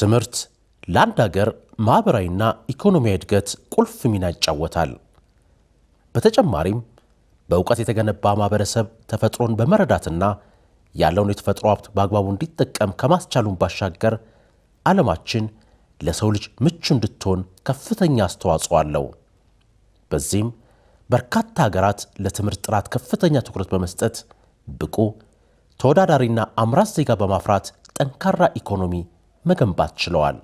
ትምህርት ለአንድ ሀገር ማኅበራዊና ኢኮኖሚያዊ እድገት ቁልፍ ሚና ይጫወታል። በተጨማሪም በእውቀት የተገነባ ማኅበረሰብ ተፈጥሮን በመረዳትና ያለውን የተፈጥሮ ሀብት በአግባቡ እንዲጠቀም ከማስቻሉን ባሻገር ዓለማችን ለሰው ልጅ ምቹ እንድትሆን ከፍተኛ አስተዋጽኦ አለው። በዚህም በርካታ ሀገራት ለትምህርት ጥራት ከፍተኛ ትኩረት በመስጠት ብቁ ተወዳዳሪና አምራት ዜጋ በማፍራት ጠንካራ ኢኮኖሚ መገንባት ችለዋል።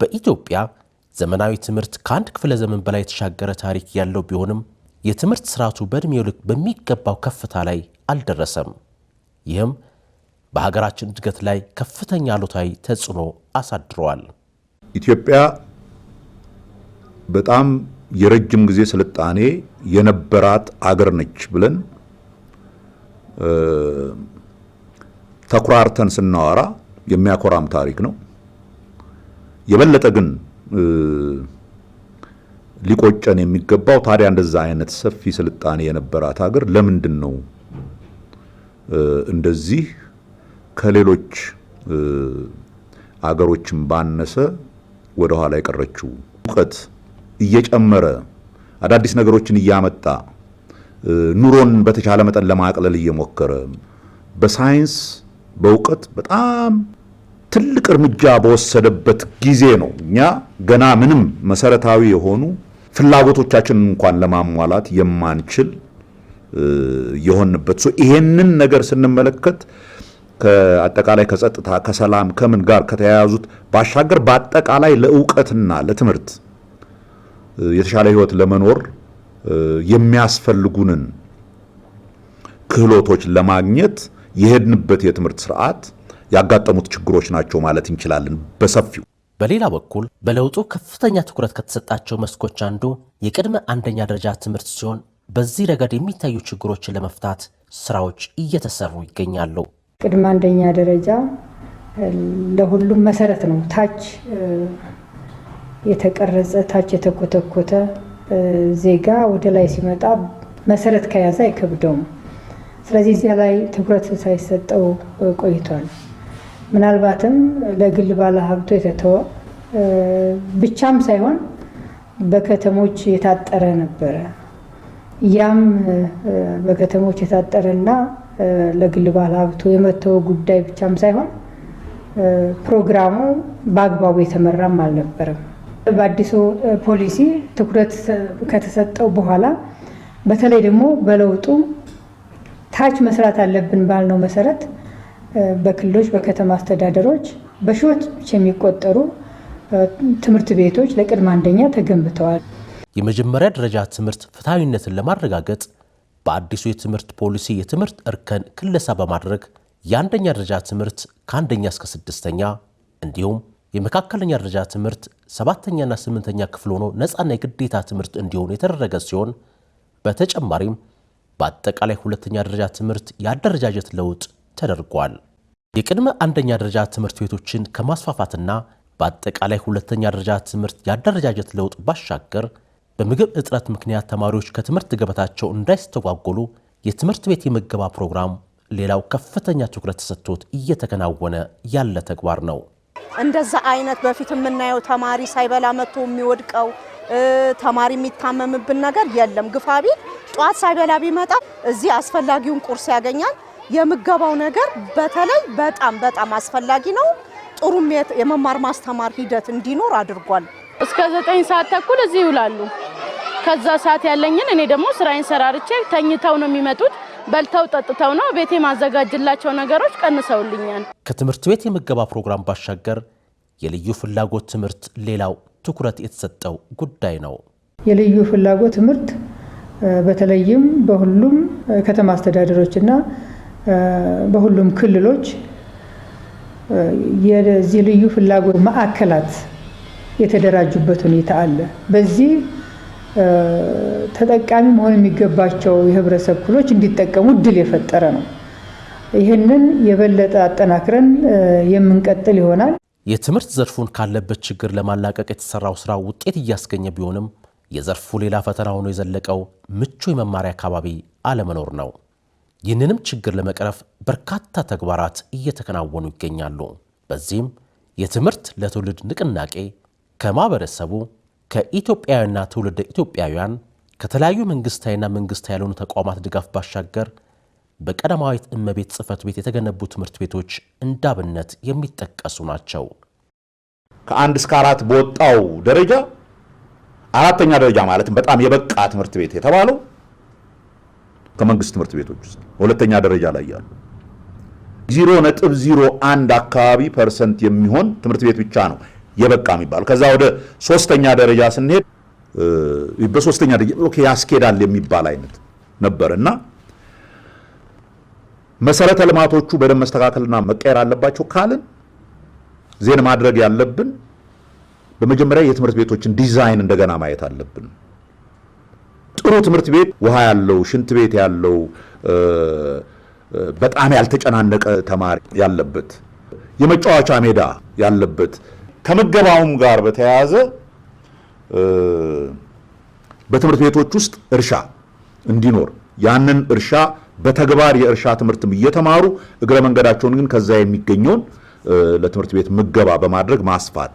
በኢትዮጵያ ዘመናዊ ትምህርት ከአንድ ክፍለ ዘመን በላይ የተሻገረ ታሪክ ያለው ቢሆንም የትምህርት ስርዓቱ በዕድሜው ልክ በሚገባው ከፍታ ላይ አልደረሰም። ይህም በሀገራችን እድገት ላይ ከፍተኛ አሉታዊ ተጽዕኖ አሳድረዋል። ኢትዮጵያ በጣም የረጅም ጊዜ ስልጣኔ የነበራት አገር ነች ብለን ተኩራርተን ስናወራ የሚያኮራም ታሪክ ነው። የበለጠ ግን ሊቆጨን የሚገባው ታዲያ እንደዛ አይነት ሰፊ ስልጣኔ የነበራት ሀገር ለምንድን ነው እንደዚህ ከሌሎች አገሮችን ባነሰ ወደኋላ የቀረችው? እውቀት እየጨመረ አዳዲስ ነገሮችን እያመጣ ኑሮን በተቻለ መጠን ለማቅለል እየሞከረ በሳይንስ በእውቀት በጣም ትልቅ እርምጃ በወሰደበት ጊዜ ነው። እኛ ገና ምንም መሰረታዊ የሆኑ ፍላጎቶቻችንን እንኳን ለማሟላት የማንችል የሆንበት ይሄንን ነገር ስንመለከት ከአጠቃላይ ከጸጥታ፣ ከሰላም፣ ከምን ጋር ከተያያዙት ባሻገር በአጠቃላይ ለእውቀትና ለትምህርት የተሻለ ህይወት ለመኖር የሚያስፈልጉንን ክህሎቶች ለማግኘት የሄድንበት የትምህርት ስርዓት ያጋጠሙት ችግሮች ናቸው ማለት እንችላለን በሰፊው። በሌላ በኩል በለውጡ ከፍተኛ ትኩረት ከተሰጣቸው መስኮች አንዱ የቅድመ አንደኛ ደረጃ ትምህርት ሲሆን በዚህ ረገድ የሚታዩ ችግሮችን ለመፍታት ስራዎች እየተሰሩ ይገኛሉ። ቅድመ አንደኛ ደረጃ ለሁሉም መሰረት ነው። ታች የተቀረጸ ታች የተኮተኮተ ዜጋ ወደ ላይ ሲመጣ መሰረት ከያዘ አይከብደውም። ስለዚህ እዚያ ላይ ትኩረት ሳይሰጠው ቆይቷል። ምናልባትም ለግል ባለሀብቶ የተተወ ብቻም ሳይሆን በከተሞች የታጠረ ነበረ። ያም በከተሞች የታጠረና ለግል ባለሀብቶ የመተው ጉዳይ ብቻም ሳይሆን ፕሮግራሙ በአግባቡ የተመራም አልነበረም። በአዲሱ ፖሊሲ ትኩረት ከተሰጠው በኋላ በተለይ ደግሞ በለውጡ ታች መስራት አለብን ባልነው መሰረት በክልሎች፣ በከተማ አስተዳደሮች በሺዎች የሚቆጠሩ ትምህርት ቤቶች ለቅድመ አንደኛ ተገንብተዋል። የመጀመሪያ ደረጃ ትምህርት ፍትሐዊነትን ለማረጋገጥ በአዲሱ የትምህርት ፖሊሲ የትምህርት እርከን ክለሳ በማድረግ የአንደኛ ደረጃ ትምህርት ከአንደኛ እስከ ስድስተኛ እንዲሁም የመካከለኛ ደረጃ ትምህርት ሰባተኛና ስምንተኛ ክፍል ሆኖ ነፃና የግዴታ ትምህርት እንዲሆኑ የተደረገ ሲሆን በተጨማሪም በአጠቃላይ ሁለተኛ ደረጃ ትምህርት የአደረጃጀት ለውጥ ተደርጓል። የቅድመ አንደኛ ደረጃ ትምህርት ቤቶችን ከማስፋፋትና በአጠቃላይ ሁለተኛ ደረጃ ትምህርት የአደረጃጀት ለውጥ ባሻገር በምግብ እጥረት ምክንያት ተማሪዎች ከትምህርት ገበታቸው እንዳይስተጓጎሉ የትምህርት ቤት የምገባ ፕሮግራም ሌላው ከፍተኛ ትኩረት ተሰጥቶት እየተከናወነ ያለ ተግባር ነው። እንደዛ አይነት በፊት የምናየው ተማሪ ሳይበላ መጥቶ የሚወድቀው ተማሪ የሚታመምብን ነገር የለም። ግፋ ቢል ጧት ሳይበላ ቢመጣ እዚህ አስፈላጊውን ቁርስ ያገኛል። የምገባው ነገር በተለይ በጣም በጣም አስፈላጊ ነው። ጥሩም የመማር ማስተማር ሂደት እንዲኖር አድርጓል። እስከ ዘጠኝ ሰዓት ተኩል እዚህ ይውላሉ። ከዛ ሰዓት ያለኝን እኔ ደግሞ ስራዬን ሰራርቼ ተኝተው ነው የሚመጡት በልተው ጠጥተው ነው ቤቴ ማዘጋጅላቸው ነገሮች ቀንሰውልኛል። ከትምህርት ቤት የምገባ ፕሮግራም ባሻገር የልዩ ፍላጎት ትምህርት ሌላው ትኩረት የተሰጠው ጉዳይ ነው። የልዩ ፍላጎት ትምህርት በተለይም በሁሉም ከተማ አስተዳደሮች እና በሁሉም ክልሎች የዚህ ልዩ ፍላጎት ማዕከላት የተደራጁበት ሁኔታ አለ። በዚህ ተጠቃሚ መሆን የሚገባቸው የህብረተሰብ ክፍሎች እንዲጠቀሙ እድል የፈጠረ ነው። ይህንን የበለጠ አጠናክረን የምንቀጥል ይሆናል። የትምህርት ዘርፉን ካለበት ችግር ለማላቀቅ የተሰራው ስራ ውጤት እያስገኘ ቢሆንም የዘርፉ ሌላ ፈተና ሆኖ የዘለቀው ምቹ የመማሪያ አካባቢ አለመኖር ነው። ይህንንም ችግር ለመቅረፍ በርካታ ተግባራት እየተከናወኑ ይገኛሉ። በዚህም የትምህርት ለትውልድ ንቅናቄ ከማህበረሰቡ ከኢትዮጵያውያንና ትውልደ ኢትዮጵያውያን ከተለያዩ መንግስታዊና መንግስታዊ ያልሆኑ ተቋማት ድጋፍ ባሻገር በቀዳማዊት እመቤት ጽሕፈት ቤት የተገነቡ ትምህርት ቤቶች እንዳብነት የሚጠቀሱ ናቸው። ከአንድ እስከ አራት በወጣው ደረጃ አራተኛ ደረጃ ማለትም በጣም የበቃ ትምህርት ቤት የተባለው ከመንግስት ትምህርት ቤቶች ውስጥ ሁለተኛ ደረጃ ላይ ያሉ ዜሮ ነጥብ ዜሮ አንድ አካባቢ ፐርሰንት የሚሆን ትምህርት ቤት ብቻ ነው የበቃ የሚባለው። ከዛ ወደ ሶስተኛ ደረጃ ስንሄድ በሶስተኛ ደረጃ ያስኬዳል የሚባል አይነት ነበር እና መሰረተ ልማቶቹ በደንብ መስተካከልና መቀየር አለባቸው ካልን ዜን ማድረግ ያለብን በመጀመሪያ የትምህርት ቤቶችን ዲዛይን እንደገና ማየት አለብን። ጥሩ ትምህርት ቤት ውሃ ያለው፣ ሽንት ቤት ያለው፣ በጣም ያልተጨናነቀ ተማሪ ያለበት፣ የመጫወቻ ሜዳ ያለበት ከምገባውም ጋር በተያያዘ በትምህርት ቤቶች ውስጥ እርሻ እንዲኖር ያንን እርሻ በተግባር የእርሻ ትምህርትም እየተማሩ እግረ መንገዳቸውን ግን ከዛ የሚገኘውን ለትምህርት ቤት ምገባ በማድረግ ማስፋት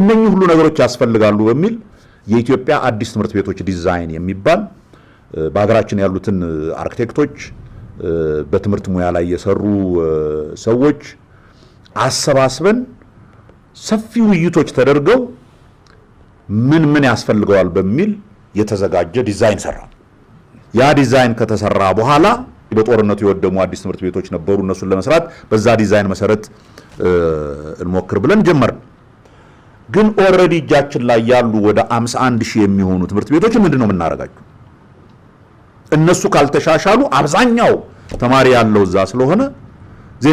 እነኚህ ሁሉ ነገሮች ያስፈልጋሉ በሚል የኢትዮጵያ አዲስ ትምህርት ቤቶች ዲዛይን የሚባል በሀገራችን ያሉትን አርክቴክቶች፣ በትምህርት ሙያ ላይ የሰሩ ሰዎች አሰባስበን ሰፊ ውይይቶች ተደርገው ምን ምን ያስፈልገዋል በሚል የተዘጋጀ ዲዛይን ሰራ። ያ ዲዛይን ከተሰራ በኋላ በጦርነቱ የወደሙ አዲስ ትምህርት ቤቶች ነበሩ። እነሱን ለመስራት በዛ ዲዛይን መሰረት እንሞክር ብለን ጀመርን። ግን ኦልሬዲ እጃችን ላይ ያሉ ወደ 51 ሺህ የሚሆኑ ትምህርት ቤቶች ምንድን ነው የምናደርጋቸው? እነሱ ካልተሻሻሉ አብዛኛው ተማሪ ያለው እዛ ስለሆነ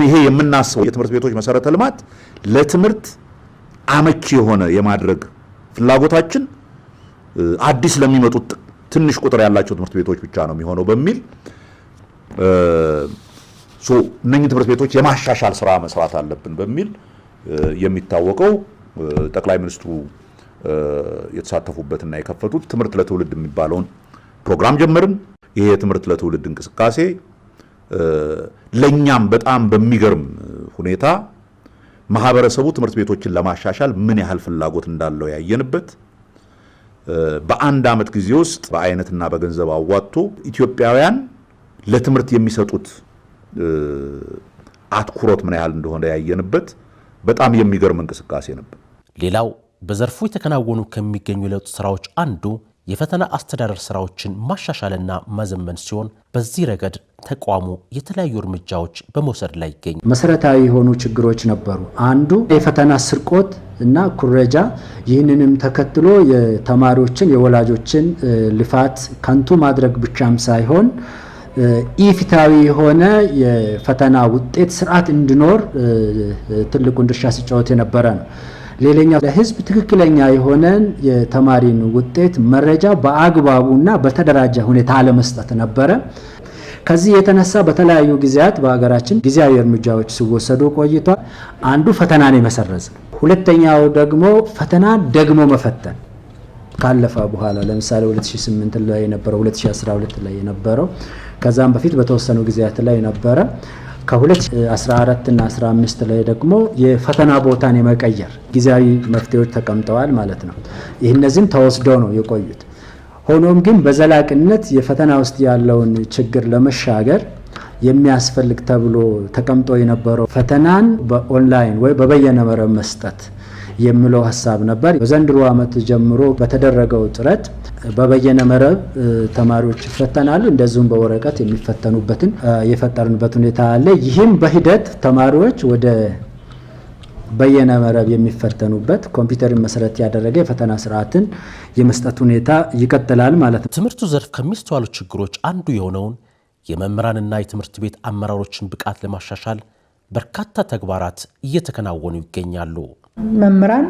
ይሄ የምናስበው የትምህርት ቤቶች መሰረተ ልማት ለትምህርት አመቺ የሆነ የማድረግ ፍላጎታችን አዲስ ለሚመጡት ትንሽ ቁጥር ያላቸው ትምህርት ቤቶች ብቻ ነው የሚሆነው በሚል እነኝህ ትምህርት ቤቶች የማሻሻል ስራ መስራት አለብን በሚል የሚታወቀው ጠቅላይ ሚኒስትሩ የተሳተፉበትና የከፈቱት ትምህርት ለትውልድ የሚባለውን ፕሮግራም ጀመርን። ይሄ የትምህርት ለትውልድ እንቅስቃሴ ለእኛም በጣም በሚገርም ሁኔታ ማህበረሰቡ ትምህርት ቤቶችን ለማሻሻል ምን ያህል ፍላጎት እንዳለው ያየንበት በአንድ ዓመት ጊዜ ውስጥ በአይነትና በገንዘብ አዋጥቶ ኢትዮጵያውያን ለትምህርት የሚሰጡት አትኩሮት ምን ያህል እንደሆነ ያየንበት በጣም የሚገርም እንቅስቃሴ ነበር። ሌላው በዘርፉ የተከናወኑ ከሚገኙ የለውጥ ስራዎች አንዱ የፈተና አስተዳደር ስራዎችን ማሻሻልና ማዘመን ሲሆን በዚህ ረገድ ተቋሙ የተለያዩ እርምጃዎች በመውሰድ ላይ ይገኝ። መሰረታዊ የሆኑ ችግሮች ነበሩ። አንዱ የፈተና ስርቆት እና ኩረጃ፣ ይህንንም ተከትሎ የተማሪዎችን የወላጆችን ልፋት ከንቱ ማድረግ ብቻም ሳይሆን ኢፊታዊ የሆነ የፈተና ውጤት ስርዓት እንዲኖር ትልቁን ድርሻ ሲጫወት የነበረ ነው። ሌላኛው ለህዝብ ትክክለኛ የሆነን የተማሪን ውጤት መረጃ በአግባቡና በተደራጀ ሁኔታ አለመስጠት ነበረ። ከዚህ የተነሳ በተለያዩ ጊዜያት በሀገራችን ጊዜያዊ እርምጃዎች ሲወሰዱ ቆይቷል። አንዱ ፈተናን የመሰረዝ ነው። ሁለተኛው ደግሞ ፈተና ደግሞ መፈተን ካለፈ በኋላ ለምሳሌ 2008 ላይ የነበረው 2012 ላይ የነበረው ከዛም በፊት በተወሰኑ ጊዜያት ላይ ነበረ። ከ2014 እና 15 ላይ ደግሞ የፈተና ቦታን የመቀየር ጊዜያዊ መፍትሄዎች ተቀምጠዋል ማለት ነው። ይህ እነዚህም ተወስደው ነው የቆዩት። ሆኖም ግን በዘላቂነት የፈተና ውስጥ ያለውን ችግር ለመሻገር የሚያስፈልግ ተብሎ ተቀምጦ የነበረው ፈተናን በኦንላይን ወይ በበየነ መረብ መስጠት የሚለው ሀሳብ ነበር። በዘንድሮ ዓመት ጀምሮ በተደረገው ጥረት በበየነ መረብ ተማሪዎች ይፈተናሉ፣ እንደዚሁም በወረቀት የሚፈተኑበትን የፈጠርንበት ሁኔታ አለ። ይህም በሂደት ተማሪዎች ወደ በየነ መረብ የሚፈተኑበት ኮምፒውተርን መሰረት ያደረገ የፈተና ስርዓትን የመስጠት ሁኔታ ይቀጥላል ማለት ነው። ትምህርቱ ዘርፍ ከሚስተዋሉ ችግሮች አንዱ የሆነውን የመምህራንና የትምህርት ቤት አመራሮችን ብቃት ለማሻሻል በርካታ ተግባራት እየተከናወኑ ይገኛሉ። መምህራን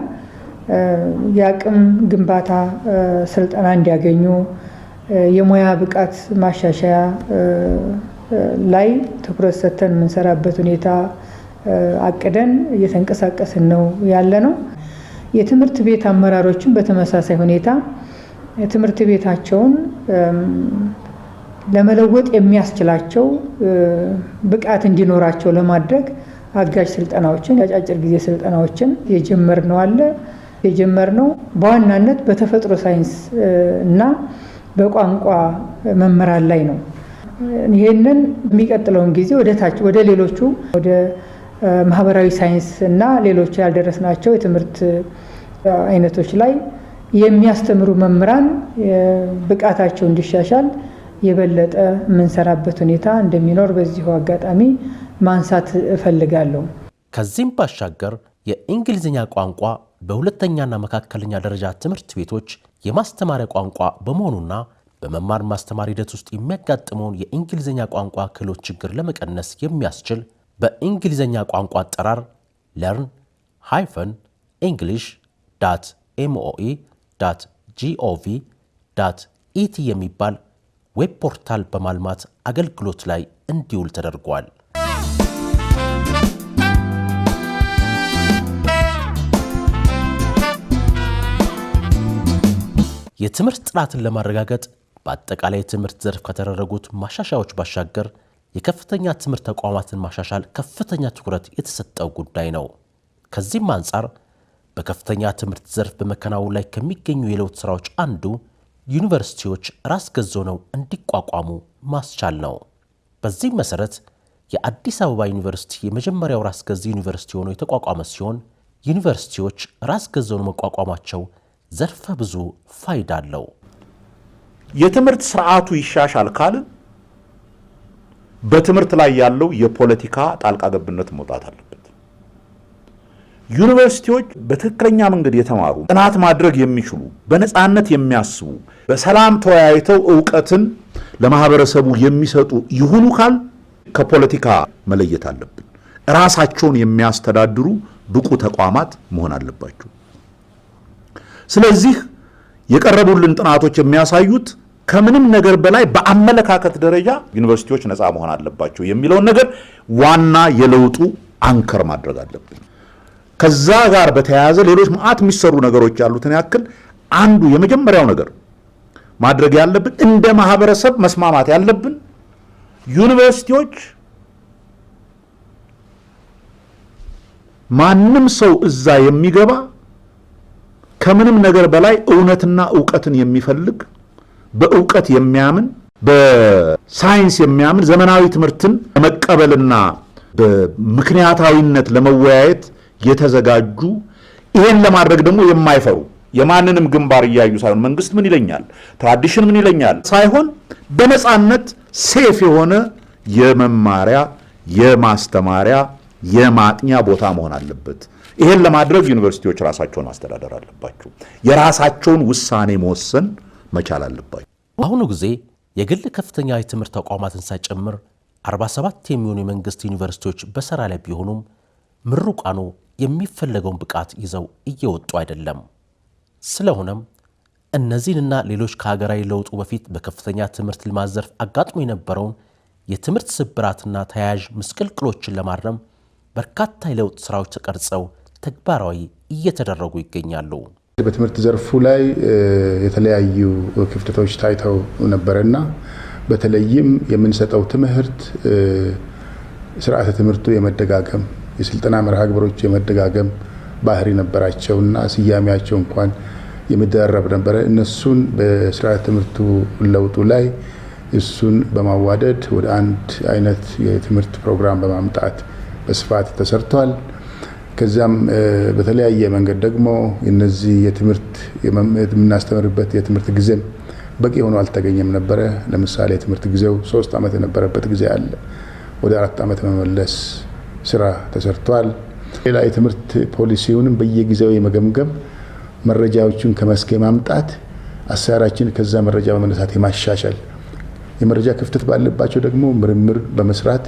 የአቅም ግንባታ ስልጠና እንዲያገኙ የሙያ ብቃት ማሻሻያ ላይ ትኩረት ሰጥተን የምንሰራበት ሁኔታ አቅደን እየተንቀሳቀስን ነው ያለ ነው። የትምህርት ቤት አመራሮችን በተመሳሳይ ሁኔታ ትምህርት ቤታቸውን ለመለወጥ የሚያስችላቸው ብቃት እንዲኖራቸው ለማድረግ አጋዥ ስልጠናዎችን የአጫጭር ጊዜ ስልጠናዎችን ነው አለ ነው በዋናነት በተፈጥሮ ሳይንስ እና በቋንቋ መምህራን ላይ ነው። ይህንን የሚቀጥለውን ጊዜ ወደ ታች ወደ ሌሎቹ ወደ ማህበራዊ ሳይንስ እና ሌሎች ያልደረስናቸው የትምህርት አይነቶች ላይ የሚያስተምሩ መምህራን ብቃታቸው እንዲሻሻል የበለጠ የምንሰራበት ሁኔታ እንደሚኖር በዚሁ አጋጣሚ ማንሳት እፈልጋለሁ። ከዚህም ባሻገር የእንግሊዝኛ ቋንቋ በሁለተኛና መካከለኛ ደረጃ ትምህርት ቤቶች የማስተማሪያ ቋንቋ በመሆኑና በመማር ማስተማር ሂደት ውስጥ የሚያጋጥመውን የእንግሊዝኛ ቋንቋ ክህሎት ችግር ለመቀነስ የሚያስችል በእንግሊዝኛ ቋንቋ አጠራር ለርን ሃይፈን ኤንግሊሽ ዳት ኤምኦኢ ዳት ጂኦቪ ዳት ኢቲ የሚባል ዌብ ፖርታል በማልማት አገልግሎት ላይ እንዲውል ተደርጓል። የትምህርት ጥራትን ለማረጋገጥ በአጠቃላይ የትምህርት ዘርፍ ከተደረጉት ማሻሻያዎች ባሻገር የከፍተኛ ትምህርት ተቋማትን ማሻሻል ከፍተኛ ትኩረት የተሰጠው ጉዳይ ነው። ከዚህም አንጻር በከፍተኛ ትምህርት ዘርፍ በመከናወን ላይ ከሚገኙ የለውጥ ስራዎች አንዱ ዩኒቨርሲቲዎች ራስ ገዝ ሆነው እንዲቋቋሙ ማስቻል ነው። በዚህም መሰረት የአዲስ አበባ ዩኒቨርሲቲ የመጀመሪያው ራስ ገዝ ዩኒቨርሲቲ ሆኖ የተቋቋመ ሲሆን ዩኒቨርሲቲዎች ራስ ገዝ ሆነው መቋቋማቸው ዘርፈ ብዙ ፋይዳ አለው። የትምህርት ስርዓቱ ይሻሻል ካልን በትምህርት ላይ ያለው የፖለቲካ ጣልቃ ገብነት መውጣት አለበት። ዩኒቨርሲቲዎች በትክክለኛ መንገድ የተማሩ ጥናት ማድረግ የሚችሉ በነፃነት የሚያስቡ በሰላም ተወያይተው እውቀትን ለማህበረሰቡ የሚሰጡ ይሁኑ ካል ከፖለቲካ መለየት አለብን። ራሳቸውን የሚያስተዳድሩ ብቁ ተቋማት መሆን አለባቸው። ስለዚህ የቀረቡልን ጥናቶች የሚያሳዩት ከምንም ነገር በላይ በአመለካከት ደረጃ ዩኒቨርሲቲዎች ነፃ መሆን አለባቸው የሚለውን ነገር ዋና የለውጡ አንከር ማድረግ አለብን። ከዛ ጋር በተያያዘ ሌሎች መዓት የሚሰሩ ነገሮች ያሉትን ያክል አንዱ የመጀመሪያው ነገር ማድረግ ያለብን እንደ ማህበረሰብ መስማማት ያለብን ዩኒቨርሲቲዎች ማንም ሰው እዛ የሚገባ ከምንም ነገር በላይ እውነትና እውቀትን የሚፈልግ በእውቀት የሚያምን በሳይንስ የሚያምን ዘመናዊ ትምህርትን ለመቀበልና በምክንያታዊነት ለመወያየት የተዘጋጁ ይሄን ለማድረግ ደግሞ የማይፈሩ የማንንም ግንባር እያዩ ሳይሆን መንግስት ምን ይለኛል፣ ትራዲሽን ምን ይለኛል ሳይሆን በነፃነት ሴፍ የሆነ የመማሪያ የማስተማሪያ የማጥኛ ቦታ መሆን አለበት። ይሄን ለማድረግ ዩኒቨርሲቲዎች ራሳቸውን ማስተዳደር አለባቸው። የራሳቸውን ውሳኔ መወሰን መቻል አለባቸው። በአሁኑ ጊዜ የግል ከፍተኛ የትምህርት ተቋማትን ሳይጨምር 47 የሚሆኑ የመንግሥት ዩኒቨርሲቲዎች በሰራ ላይ ቢሆኑም ምሩቃኑ የሚፈለገውን ብቃት ይዘው እየወጡ አይደለም። ስለሆነም እነዚህንና ሌሎች ከሀገራዊ ለውጡ በፊት በከፍተኛ ትምህርት ልማት ዘርፍ አጋጥሞ የነበረውን የትምህርት ስብራትና ተያያዥ ምስቅልቅሎችን ለማረም በርካታ የለውጥ ሥራዎች ተቀርጸው ተግባራዊ እየተደረጉ ይገኛሉ። በትምህርት ዘርፉ ላይ የተለያዩ ክፍተቶች ታይተው ነበረና በተለይም የምንሰጠው ትምህርት ስርዓተ ትምህርቱ የመደጋገም የስልጠና መርሃ ግብሮች የመደጋገም ባህሪ ነበራቸው እና ስያሜያቸው እንኳን የሚደረብ ነበረ። እነሱን በስርዓተ ትምህርቱ ለውጡ ላይ እሱን በማዋደድ ወደ አንድ አይነት የትምህርት ፕሮግራም በማምጣት በስፋት ተሰርቷል። ከዚያም በተለያየ መንገድ ደግሞ እነዚህ የትምህርት የምናስተምርበት የትምህርት ጊዜም በቂ ሆኖ አልተገኘም ነበረ። ለምሳሌ የትምህርት ጊዜው ሶስት ዓመት የነበረበት ጊዜ አለ። ወደ አራት ዓመት መመለስ ስራ ተሰርቷል። ሌላ የትምህርት ፖሊሲውንም በየጊዜው የመገምገም መረጃዎችን ከመስክ የማምጣት አሰራራችን ከዛ መረጃ በመነሳት የማሻሻል የመረጃ ክፍተት ባለባቸው ደግሞ ምርምር በመስራት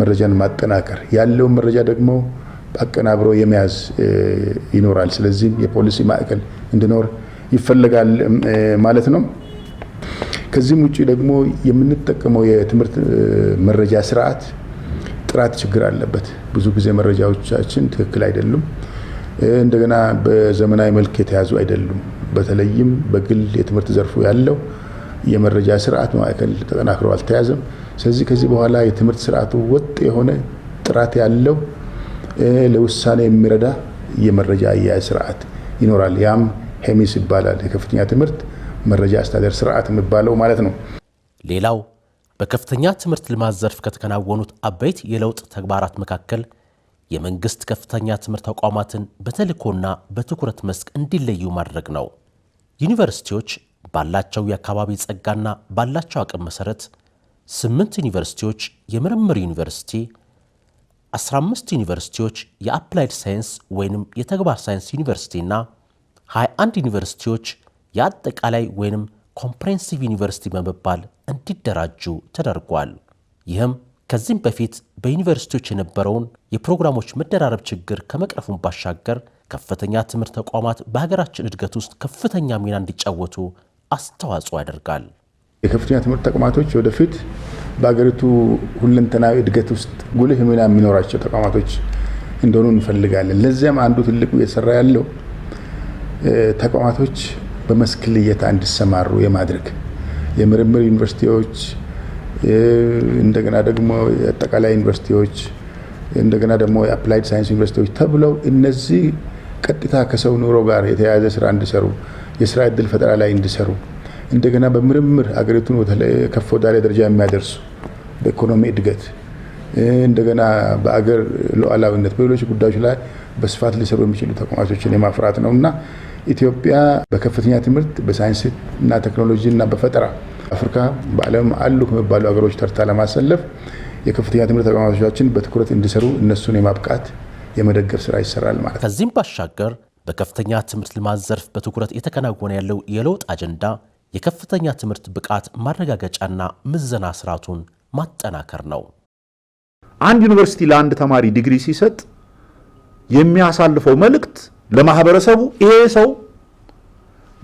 መረጃን ማጠናከር ያለውን መረጃ ደግሞ አቀናብሮ የመያዝ ይኖራል። ስለዚህም የፖሊሲ ማዕከል እንዲኖር ይፈለጋል ማለት ነው። ከዚህም ውጭ ደግሞ የምንጠቀመው የትምህርት መረጃ ስርዓት ጥራት ችግር አለበት። ብዙ ጊዜ መረጃዎቻችን ትክክል አይደሉም። እንደገና በዘመናዊ መልክ የተያዙ አይደሉም። በተለይም በግል የትምህርት ዘርፉ ያለው የመረጃ ስርዓት ማዕከል ተጠናክሮ አልተያዘም። ስለዚህ ከዚህ በኋላ የትምህርት ስርዓቱ ወጥ የሆነ ጥራት ያለው ለውሳኔ የሚረዳ የመረጃ አያያዝ ስርዓት ይኖራል። ያም ሄሚስ ይባላል። የከፍተኛ ትምህርት መረጃ አስተዳደር ስርዓት የሚባለው ማለት ነው። ሌላው በከፍተኛ ትምህርት ልማት ዘርፍ ከተከናወኑት አበይት የለውጥ ተግባራት መካከል የመንግስት ከፍተኛ ትምህርት ተቋማትን በተልእኮና በትኩረት መስክ እንዲለዩ ማድረግ ነው። ዩኒቨርሲቲዎች ባላቸው የአካባቢ ጸጋና ባላቸው አቅም መሰረት ስምንት ዩኒቨርሲቲዎች የምርምር ዩኒቨርሲቲ 15 ዩኒቨርሲቲዎች የአፕላይድ ሳይንስ ወይንም የተግባር ሳይንስ ዩኒቨርሲቲና 21 ዩኒቨርሲቲዎች የአጠቃላይ ወይንም ኮምፕሬንሲቭ ዩኒቨርሲቲ በመባል እንዲደራጁ ተደርጓል። ይህም ከዚህም በፊት በዩኒቨርሲቲዎች የነበረውን የፕሮግራሞች መደራረብ ችግር ከመቅረፉን ባሻገር ከፍተኛ ትምህርት ተቋማት በሀገራችን እድገት ውስጥ ከፍተኛ ሚና እንዲጫወቱ አስተዋጽኦ ያደርጋል። የከፍተኛ ትምህርት ተቋማቶች ወደፊት በሀገሪቱ ሁለንተናዊ እድገት ውስጥ ጉልህ ሚና የሚኖራቸው ተቋማቶች እንደሆኑ እንፈልጋለን። ለዚያም አንዱ ትልቁ እየተሰራ ያለው ተቋማቶች በመስክ ልየታ እንዲሰማሩ የማድረግ የምርምር ዩኒቨርሲቲዎች፣ እንደገና ደግሞ የአጠቃላይ ዩኒቨርሲቲዎች፣ እንደገና ደግሞ የአፕላይድ ሳይንስ ዩኒቨርሲቲዎች ተብለው እነዚህ ቀጥታ ከሰው ኑሮ ጋር የተያያዘ ስራ እንዲሰሩ፣ የስራ እድል ፈጠራ ላይ እንዲሰሩ እንደገና በምርምር አገሪቱን ከፍ ወዳለ ደረጃ የሚያደርሱ በኢኮኖሚ እድገት እንደገና በአገር ሉዓላዊነት በሌሎች ጉዳዮች ላይ በስፋት ሊሰሩ የሚችሉ ተቋማቶችን የማፍራት ነው እና ኢትዮጵያ በከፍተኛ ትምህርት በሳይንስ እና ቴክኖሎጂ እና በፈጠራ አፍሪካ በዓለም አሉ ከሚባሉ ሀገሮች ተርታ ለማሰለፍ የከፍተኛ ትምህርት ተቋማቶቻችን በትኩረት እንዲሰሩ እነሱን የማብቃት የመደገፍ ስራ ይሰራል ማለት ነው። ከዚህም ባሻገር በከፍተኛ ትምህርት ልማት ዘርፍ በትኩረት የተከናወነ ያለው የለውጥ አጀንዳ የከፍተኛ ትምህርት ብቃት ማረጋገጫና ምዘና ስርዓቱን ማጠናከር ነው። አንድ ዩኒቨርሲቲ ለአንድ ተማሪ ዲግሪ ሲሰጥ የሚያሳልፈው መልእክት ለማህበረሰቡ ይሄ ሰው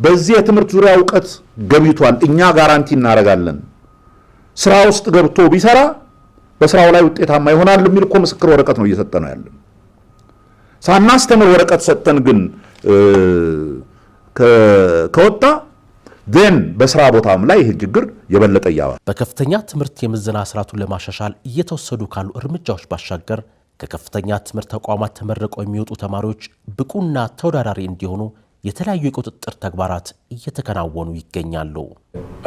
በዚህ የትምህርት ዙሪያ እውቀት ገብይቷል፣ እኛ ጋራንቲ እናደርጋለን፣ ስራ ውስጥ ገብቶ ቢሰራ በስራው ላይ ውጤታማ ይሆናል የሚል እኮ ምስክር ወረቀት ነው እየሰጠ ነው ያለን። ሳናስተምር ወረቀት ሰጠን ግን ከወጣ ግን በስራ ቦታም ላይ ይህ ችግር የበለጠ እያባሰ በከፍተኛ ትምህርት የምዘና ስርዓቱን ለማሻሻል እየተወሰዱ ካሉ እርምጃዎች ባሻገር ከከፍተኛ ትምህርት ተቋማት ተመርቀው የሚወጡ ተማሪዎች ብቁና ተወዳዳሪ እንዲሆኑ የተለያዩ የቁጥጥር ተግባራት እየተከናወኑ ይገኛሉ።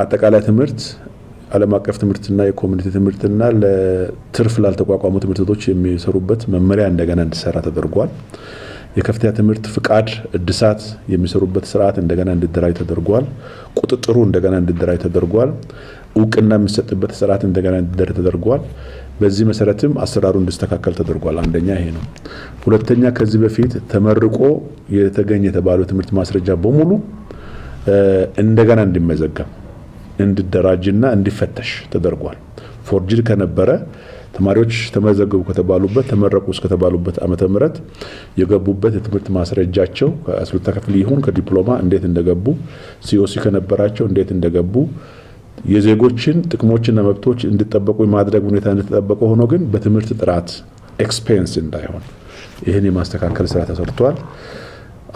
አጠቃላይ ትምህርት ዓለም አቀፍ ትምህርትና የኮሚኒቲ ትምህርትና ለትርፍ ላልተቋቋሙ ትምህርት ቤቶች የሚሰሩበት መመሪያ እንደገና እንዲሰራ ተደርጓል። የከፍተኛ ትምህርት ፍቃድ እድሳት የሚሰሩበት ስርዓት እንደገና እንዲደራጅ ተደርጓል። ቁጥጥሩ እንደገና እንዲደራጅ ተደርጓል። እውቅና የሚሰጥበት ስርዓት እንደገና እንዲደራጅ ተደርጓል። በዚህ መሰረትም አሰራሩ እንዲስተካከል ተደርጓል። አንደኛ ይሄ ነው። ሁለተኛ ከዚህ በፊት ተመርቆ የተገኘ የተባለው ትምህርት ማስረጃ በሙሉ እንደገና እንዲመዘገብ እንዲደራጅና እንዲፈተሽ ተደርጓል። ፎርጅድ ከነበረ ተማሪዎች ተመዘገቡ ከተባሉበት ተመረቁ እስከተባሉበት ዓመተ ምህረት የገቡበት የትምህርት ማስረጃቸው ከአስሉታ ክፍል ይሁን ከዲፕሎማ እንዴት እንደገቡ ሲኦሲ ከነበራቸው እንዴት እንደገቡ የዜጎችን ጥቅሞችና መብቶች እንዲጠበቁ የማድረግ ሁኔታ እንደተጠበቀ ሆኖ ግን በትምህርት ጥራት ኤክስፔንስ እንዳይሆን ይህን የማስተካከል ስራ ተሰርቷል።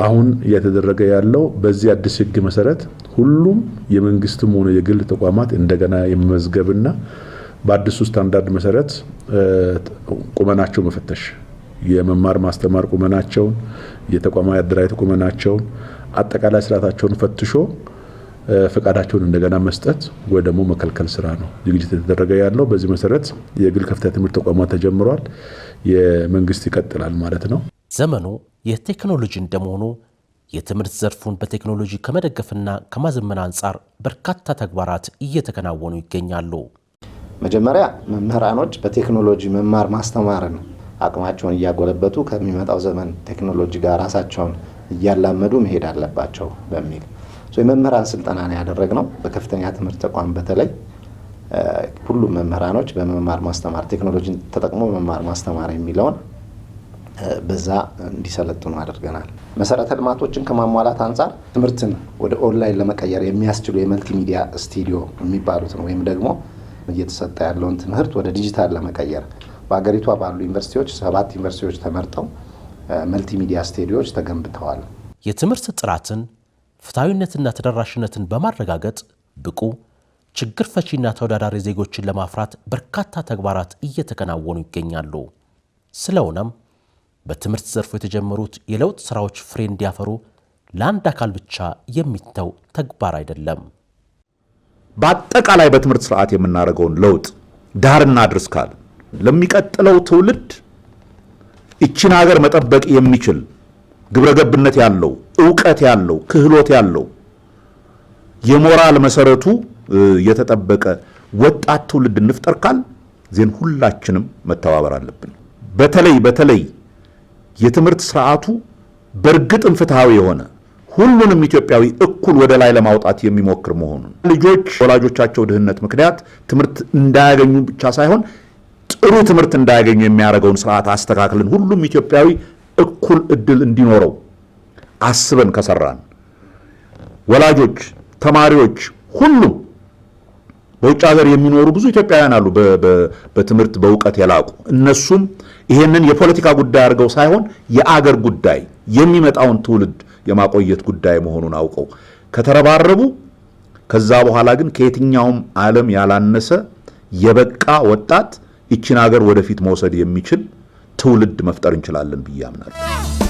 አሁን እየተደረገ ያለው በዚህ አዲስ ህግ መሰረት ሁሉም የመንግስትም ሆነ የግል ተቋማት እንደገና የመመዝገብና በአዲሱ ስታንዳርድ መሰረት ቁመናቸው መፈተሽ የመማር ማስተማር ቁመናቸውን፣ የተቋማዊ አደራጀት ቁመናቸውን፣ አጠቃላይ ስርዓታቸውን ፈትሾ ፈቃዳቸውን እንደገና መስጠት ወይ ደግሞ መከልከል ስራ ነው ዝግጅት የተደረገ ያለው። በዚህ መሰረት የግል ከፍተኛ ትምህርት ተቋማት ተጀምሯል። የመንግስት ይቀጥላል ማለት ነው። ዘመኑ የቴክኖሎጂ እንደመሆኑ የትምህርት ዘርፉን በቴክኖሎጂ ከመደገፍና ከማዘመን አንጻር በርካታ ተግባራት እየተከናወኑ ይገኛሉ። መጀመሪያ መምህራኖች በቴክኖሎጂ መማር ማስተማርን አቅማቸውን እያጎለበቱ ከሚመጣው ዘመን ቴክኖሎጂ ጋር ራሳቸውን እያላመዱ መሄድ አለባቸው በሚል የመምህራን ስልጠና ነው ያደረግነው። በከፍተኛ ትምህርት ተቋም በተለይ ሁሉም መምህራኖች በመማር ማስተማር ቴክኖሎጂን ተጠቅሞ መማር ማስተማር የሚለውን በዛ እንዲሰለጥኑ አድርገናል። መሰረተ ልማቶችን ከማሟላት አንጻር ትምህርትን ወደ ኦንላይን ለመቀየር የሚያስችሉ የመልቲሚዲያ ስቱዲዮ የሚባሉትን ወይም ደግሞ እየተሰጠ ያለውን ትምህርት ወደ ዲጂታል ለመቀየር በሀገሪቷ ባሉ ዩኒቨርሲቲዎች ሰባት ዩኒቨርሲቲዎች ተመርጠው መልቲሚዲያ ስቴዲዮች ተገንብተዋል። የትምህርት ጥራትን ፍትሐዊነትና ተደራሽነትን በማረጋገጥ ብቁ ችግር ፈቺና ተወዳዳሪ ዜጎችን ለማፍራት በርካታ ተግባራት እየተከናወኑ ይገኛሉ። ስለሆነም በትምህርት ዘርፉ የተጀመሩት የለውጥ ስራዎች ፍሬ እንዲያፈሩ ለአንድ አካል ብቻ የሚተው ተግባር አይደለም። በአጠቃላይ በትምህርት ስርዓት የምናደርገውን ለውጥ ዳር እናድርስ ካል ለሚቀጥለው ትውልድ እችን ሀገር መጠበቅ የሚችል ግብረገብነት ያለው እውቀት ያለው ክህሎት ያለው የሞራል መሰረቱ የተጠበቀ ወጣት ትውልድ እንፍጠር ካል ዜን ሁላችንም መተባበር አለብን። በተለይ በተለይ የትምህርት ስርዓቱ በእርግጥም ፍትሐዊ የሆነ ሁሉንም ኢትዮጵያዊ እኩል ወደ ላይ ለማውጣት የሚሞክር መሆኑን ልጆች ወላጆቻቸው ድህነት ምክንያት ትምህርት እንዳያገኙ ብቻ ሳይሆን ጥሩ ትምህርት እንዳያገኙ የሚያደርገውን ስርዓት አስተካክልን ሁሉም ኢትዮጵያዊ እኩል እድል እንዲኖረው አስበን ከሰራን ወላጆች፣ ተማሪዎች፣ ሁሉም በውጭ ሀገር የሚኖሩ ብዙ ኢትዮጵያውያን አሉ፣ በትምህርት በእውቀት የላቁ እነሱም ይሄንን የፖለቲካ ጉዳይ አድርገው ሳይሆን የአገር ጉዳይ የሚመጣውን ትውልድ የማቆየት ጉዳይ መሆኑን አውቀው ከተረባረቡ ከዛ በኋላ ግን ከየትኛውም ዓለም ያላነሰ የበቃ ወጣት ይችን ሀገር ወደፊት መውሰድ የሚችል ትውልድ መፍጠር እንችላለን ብዬ አምናለሁ።